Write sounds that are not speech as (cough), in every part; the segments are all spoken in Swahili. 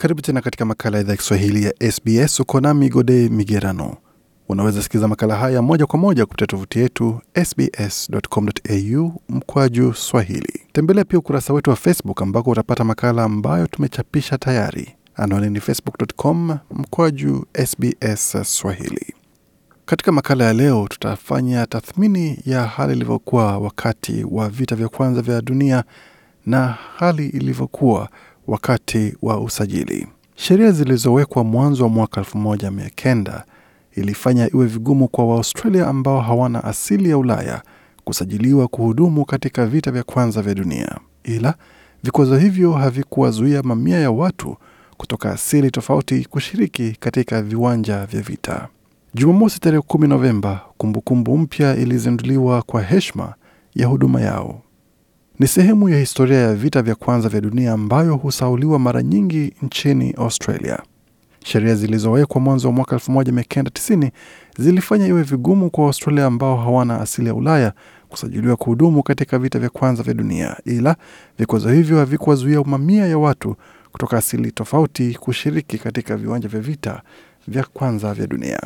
Karibu tena katika makala ya idhaa ya Kiswahili ya SBS. Uko nami Gode Migerano. Unaweza sikiliza makala haya moja kwa moja kupitia tovuti yetu sbs.com.au mkwaju swahili. Tembelea pia ukurasa wetu wa Facebook ambako utapata makala ambayo tumechapisha tayari. Anwani ni facebook.com mkwaju sbs swahili. Katika makala ya leo, tutafanya tathmini ya hali ilivyokuwa wakati wa vita vya kwanza vya dunia na hali ilivyokuwa wakati wa usajili. Sheria zilizowekwa mwanzo wa mwaka kenda ilifanya iwe vigumu kwa Waaustralia ambao hawana asili ya Ulaya kusajiliwa kuhudumu katika vita vya kwanza vya dunia, ila vikwazo hivyo havikuwazuia mamia ya watu kutoka asili tofauti kushiriki katika viwanja vya vita. Jumamosi tarehe 10 Novemba, kumbukumbu mpya ilizinduliwa kwa heshima ya huduma yao. Ni sehemu ya historia ya vita vya kwanza vya dunia ambayo husauliwa mara nyingi nchini Australia. Sheria zilizowekwa mwanzo wa mwaka 1990 zilifanya iwe vigumu kwa waustralia ambao hawana asili ya Ulaya kusajiliwa kuhudumu katika vita vya kwanza vya dunia, ila vikwazo hivyo havikuwazuia mamia ya watu kutoka asili tofauti kushiriki katika viwanja vya vita vya kwanza vya dunia.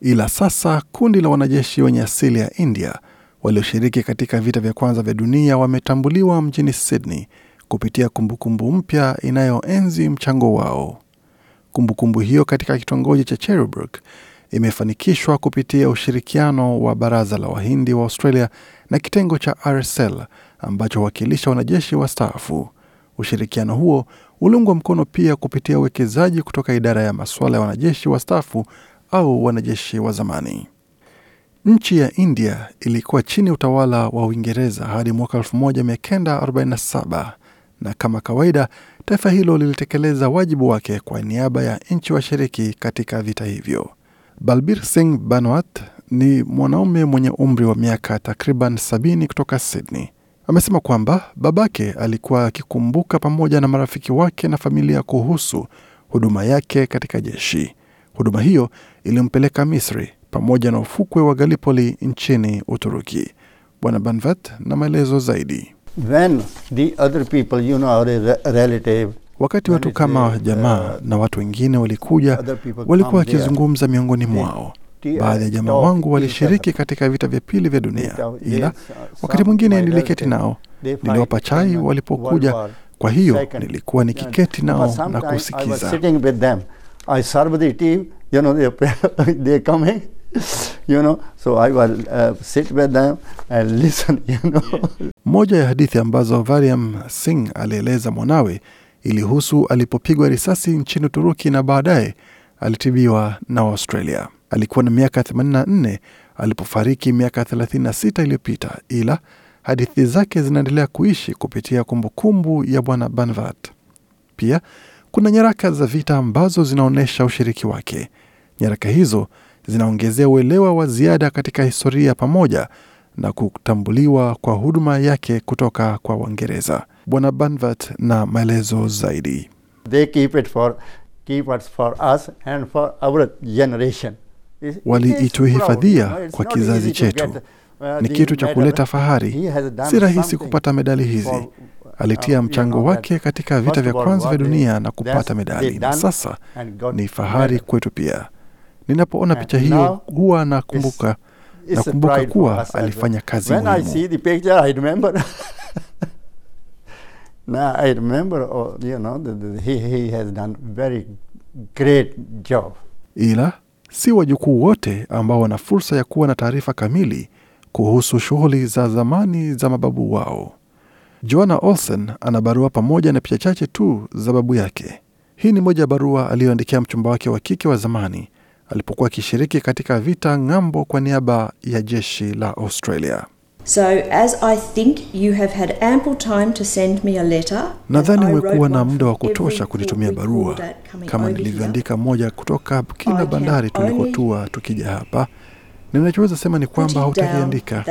Ila sasa kundi la wanajeshi wenye asili ya India walioshiriki katika vita vya kwanza vya dunia wametambuliwa mjini Sydney kupitia kumbukumbu mpya inayoenzi mchango wao. Kumbukumbu hiyo katika kitongoji cha Cherrybrook imefanikishwa kupitia ushirikiano wa Baraza la Wahindi wa Australia na kitengo cha RSL ambacho huwakilisha wanajeshi wastaafu. Ushirikiano huo uliungwa mkono pia kupitia uwekezaji kutoka idara ya masuala ya wanajeshi wastaafu au wanajeshi wa zamani. Nchi ya India ilikuwa chini ya utawala wa Uingereza hadi mwaka 1947 na kama kawaida, taifa hilo lilitekeleza wajibu wake kwa niaba ya nchi washiriki katika vita hivyo. Balbir Singh Banwat ni mwanaume mwenye umri wa miaka takriban sabini kutoka Sydney. Amesema kwamba babake alikuwa akikumbuka pamoja na marafiki wake na familia kuhusu huduma yake katika jeshi. Huduma hiyo ilimpeleka Misri pamoja na ufukwe wa galipoli nchini Uturuki. Bwana Banvat na maelezo zaidi. When the other people, you know, relative, wakati watu kama uh, jamaa na watu wengine walikuja, walikuwa wakizungumza miongoni mwao. Baadhi ya jamaa wangu walishiriki katika vita vya pili vya dunia, ila uh, wakati mwingine niliketi nao, niliwapa chai walipokuja. Kwa hiyo nilikuwa nikiketi nao na kusikiza you know, they, (laughs) they coming, you know, so I will uh, sit with them and (laughs) listen, you know. Moja ya hadithi ambazo Variam Singh alieleza mwanawe ilihusu alipopigwa risasi nchini Uturuki na baadaye alitibiwa na Australia. Alikuwa na miaka 84 alipofariki miaka 36 iliyopita, ila hadithi zake zinaendelea kuishi kupitia kumbukumbu kumbu ya Bwana Banvat. Pia kuna nyaraka za vita ambazo zinaonyesha ushiriki wake. Nyaraka hizo zinaongezea uelewa wa ziada katika historia pamoja na kutambuliwa kwa huduma yake kutoka kwa uingereza Bwana Banvat na maelezo zaidi. They keep it for, keep it for us and for our generation. Waliituhifadhia kwa kizazi chetu. Uh, ni kitu cha kuleta fahari. Si rahisi kupata medali hizi. Uh, Alitia mchango wake katika vita vya kwanza vya dunia na kupata medali, na sasa ni fahari kwetu pia. Ninapoona eh, picha hiyo huwa nakumbuka nakumbuka kuwa alifanya kazi Ila si wajukuu wote ambao wana fursa ya kuwa na taarifa kamili kuhusu shughuli za zamani za mababu wao. Joanna Olsen ana barua pamoja na picha chache tu za babu yake. Hii ni moja ya barua aliyoandikia mchumba wake wa kike wa zamani alipokuwa akishiriki katika vita ng'ambo kwa niaba ya jeshi la Australia. So, as I think you have had ample time to send me a letter. Nadhani umekuwa na muda wa kutosha kunitumia barua kama nilivyoandika moja kutoka kila bandari tulikotua tukija hapa. Ninachoweza sema ni kwamba hautakiandika.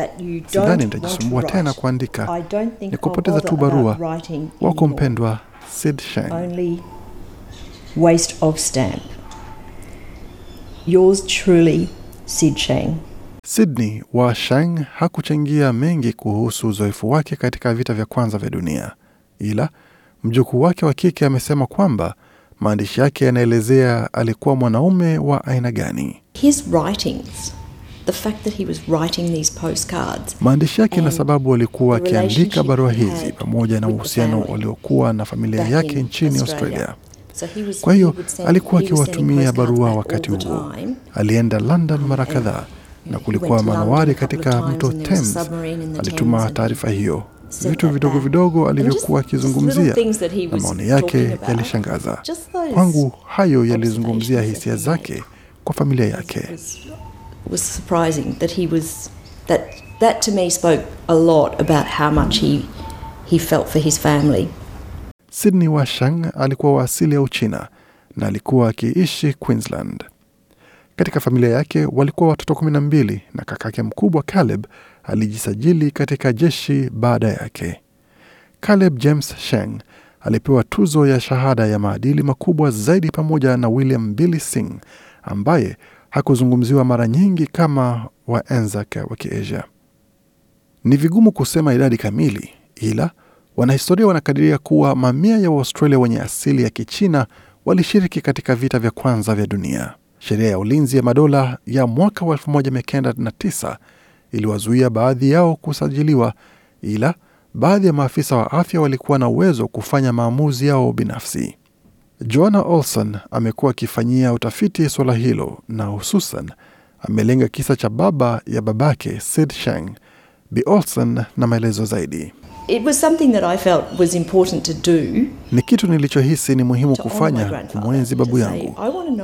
Sidhani nitajisumbua tena kuandika, ni kupoteza tu barua. Wako mpendwa, Sid Shane. Yours truly, Sid Shang. Sydney wa Shang hakuchangia mengi kuhusu uzoefu wake katika vita vya kwanza vya dunia, ila mjukuu wake wa kike amesema kwamba maandishi yake yanaelezea alikuwa mwanaume wa aina gani. His writings The fact that he was writing these postcards. Maandishi yake na sababu alikuwa akiandika barua hizi pamoja na uhusiano waliokuwa na familia yake nchini Australia. Australia. Kwa hiyo alikuwa akiwatumia barua wakati huo. Alienda London mara kadhaa na kulikuwa manowari katika mto Thames. Alituma taarifa hiyo, vitu vidogo vidogo alivyokuwa akizungumzia na maoni yake yalishangaza kwangu. Hayo yalizungumzia hisia zake kwa familia yake. That to me spoke a lot about how much he, he felt for his family. Sydney Washang alikuwa wa asili ya Uchina na alikuwa akiishi Queensland. Katika familia yake walikuwa watoto 12 na na kakake mkubwa Caleb alijisajili katika jeshi baada yake. Caleb James Sheng alipewa tuzo ya shahada ya maadili makubwa zaidi pamoja na William Billy Singh ambaye hakuzungumziwa mara nyingi kama waenzake wa Kiasia. Ni vigumu kusema idadi kamili, ila Wanahistoria wanakadiria kuwa mamia ya Waustralia wenye asili ya Kichina walishiriki katika vita vya kwanza vya dunia. Sheria ya ulinzi ya madola ya mwaka wa 1909 iliwazuia baadhi yao kusajiliwa, ila baadhi ya maafisa wa afya walikuwa na uwezo kufanya maamuzi yao binafsi. Joanna Olson amekuwa akifanyia utafiti suala hilo na hususan amelenga kisa cha baba ya babake Sid Shang. Bi Olson na maelezo zaidi. It was something that I felt was important to do. Ni kitu nilichohisi ni muhimu kufanya kumwenzi babu yangu,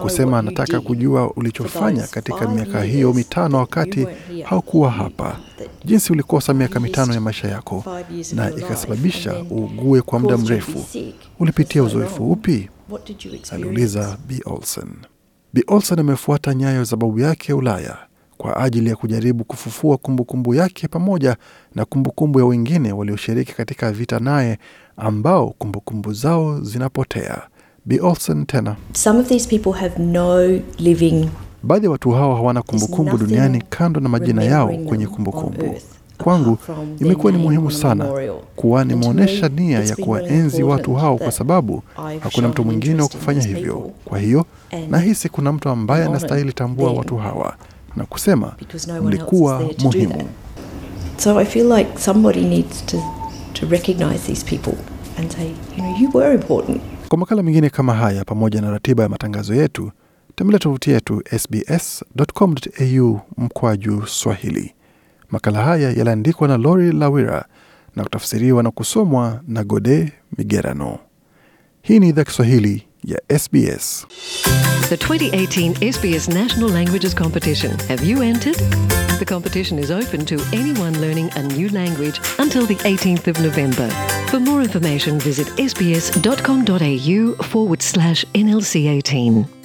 kusema anataka kujua ulichofanya katika miaka hiyo mitano wakati haukuwa hapa, jinsi ulikosa miaka mitano ya maisha yako na ikasababisha uugue kwa muda mrefu. Ulipitia uzoefu upi? aliuliza Bi Olsen. Bi Olsen amefuata nyayo za babu yake Ulaya kwa ajili ya kujaribu kufufua kumbukumbu kumbu yake pamoja na kumbukumbu kumbu ya wengine walioshiriki katika vita naye ambao kumbukumbu kumbu zao zinapotea. Bi Olsen tena, Some of these people have no living... baadhi ya watu hao hawana kumbukumbu duniani kando na majina yao kwenye kumbukumbu. Kwangu imekuwa ni muhimu sana kuwa nimeonyesha nia ya kuwaenzi watu hao, kwa sababu hakuna mtu mwingine wa kufanya hivyo. Kwa hiyo nahisi kuna mtu ambaye anastahili tambua watu hawa na kusema mlikuwa muhimu. So I feel like somebody needs to, to recognize these people and say, you know, you were important. Kwa makala mengine kama haya pamoja na ratiba ya matangazo yetu tembelea tovuti yetu sbs.com.au mkwaju Swahili. Makala haya yaliandikwa na Lori Lawira na kutafsiriwa na kusomwa na Gode Migerano. Hii ni idhaa Kiswahili SBS. The 2018 SBS National Languages Competition. Have you entered? The competition is open to anyone learning a new language until the 18th of November. For more information, visit sbs.com.au forward slash NLC 18.